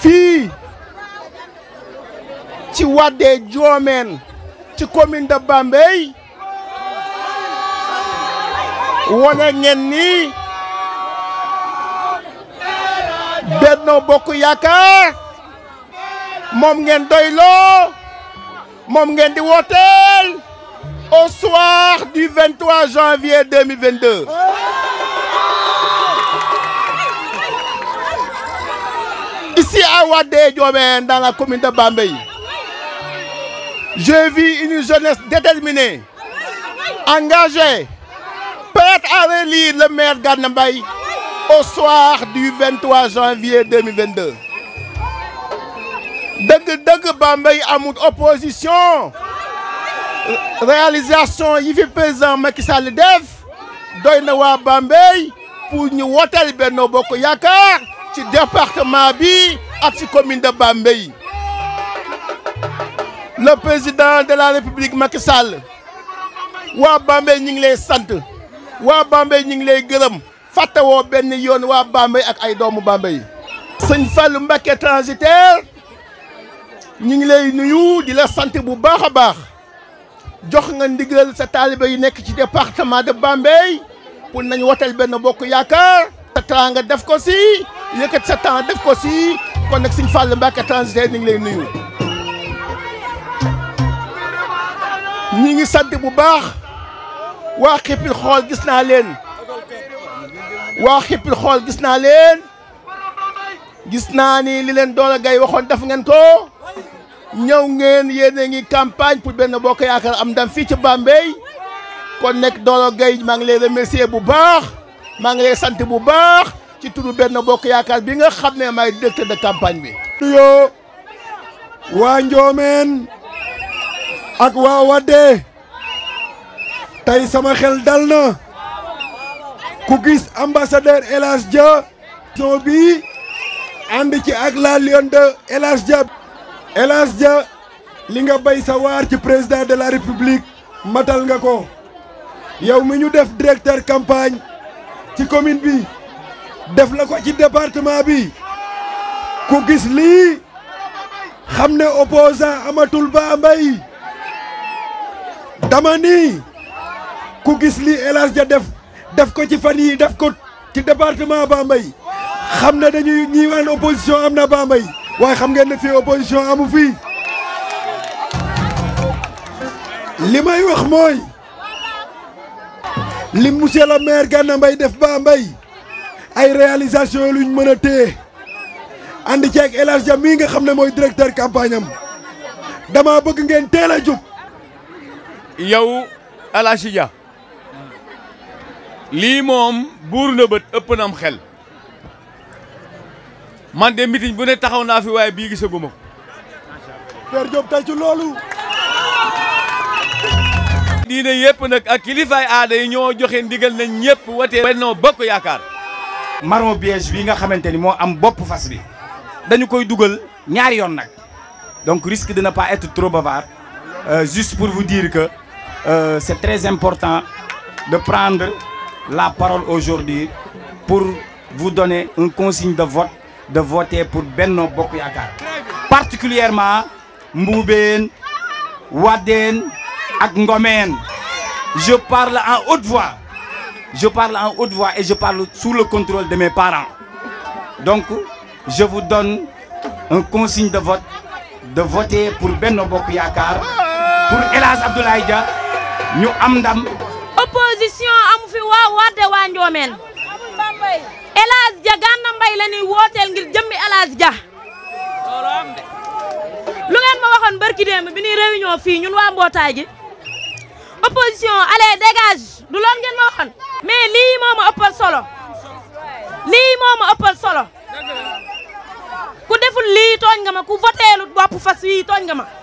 fii ci Wadé Diomène ci commune de Bambey wane ngeen ni Benno Bokk Yaakaar moom ngeen doyloo moom ngeen di wooteel au soir du 23 janvier 2022 Ici à Wadé dans la commune de Bambay, je vis une jeunesse déterminée, engagée, prête à relire le maire Ganambay au soir du 23 janvier 2022. que dëgg a mon opposition réalisation yves pézan pesant Macky Sall def d'ev. Bambey pour ñu wooteel Benno ci département bi ak ci commune de Bambey le président de la république Macky Sall Wa Bambey ñu ngi lay sant wa Bambey ñu ngi lay faté wo ben yoon wa Bambey ak ay doomu Bambey. sëñ fallu Mbacké transitaire ñu ngi lay nuyu di la sant bu baaxa baax jox nga ndigal sa taalibe yi nek ci département de Bambey pour nañ wotal ben bokk yaakar ta teraanga def ko si yëkkat sa temps def ko si kon nag Serigne Fallou Mbacké transitaire ñu ngi lay nuyu ñi ngi sant bu baax waa xippil xool gis naa leen waa xippil xool gis naa leen gis naa ni li leen doole gay waxoon def ngeen ko ñëw ngeen yéen ngi campagne pour benn bokk yaakaar am ndam fii ci Bambey kon nekk doole gay maa ngi lay remercier bu baax maa ngi lay sant bu baax ci tudu ben bokk yaakaar bi nga xamne may maay de campagne bi. nuyoo wa Ndiomène ak wa Wadé tay sama xel dalna ku gis ambassadeur elas Dia. émission bi ànd ci ak la Lion de elas Dia. elas Dia li nga bay sa war ci président de la république matal nga ko yow mi ñu def directeur campagne ci commune bi. def la ko ci département bi ku gis lii xam ne opposant amatul baa Mbaye dama ni ku gis lii El ja def def ko ci fan yi def ko ci département Ba Mbaye xam ne dañuy ñi waan opposition am na Ba Mbaye waaye xam ngeen ne fii opposition amu fii li may wax mooy li monsieur le maire Gana Mbaye def Ba Mbaye ay réalisation luñ mën a téye ànd ceeg El mii nga xam ne mooy directeur campagne dama bëgg ngeen teel a jóg yow El lii moom buur na bët ëpp na xel man de meeting bu ne taxaw naa fi waaye bii gisaguma ko Père Diop tey ci loolu diine yëpp nag ak kilifaay aada yi ñoo joxe ndigal nañ ñëpp watee Benno Bokk Yaakaar marron beige bi nga xamanteni mo am bop fas bi dañu koy ñaar donc risque de ne pas être trop bavard euh, juste pour vous dire que euh, c'est très important de prendre la parole aujourd'hui pour vous donner un consigne de vote de voter pour Benno Bokk particulièrement Mouben, Waden ak Ngomen. je parle en haute voix je parle en haute voix et je parle sous le contrôle de mes parents. Donc, je vous donne un consigne de vote, de voter pour Benno Bokuyakar, pour Elas Abdoulaye nous amdam. Opposition amu fi wa de wa ndiomen. Elas Dia ganna mbay lañuy wotel ngir jëmmi Elas Dia. Lo ngeen ma waxone barki dem bi ni réunion ñun Opposition allez dégage. du loolu ngeen ma waxoon mais lii moo ma solo lii moo ma solo ku deful lii tooñ nga ma ku voteelut bopp fas yii tooñ nga ma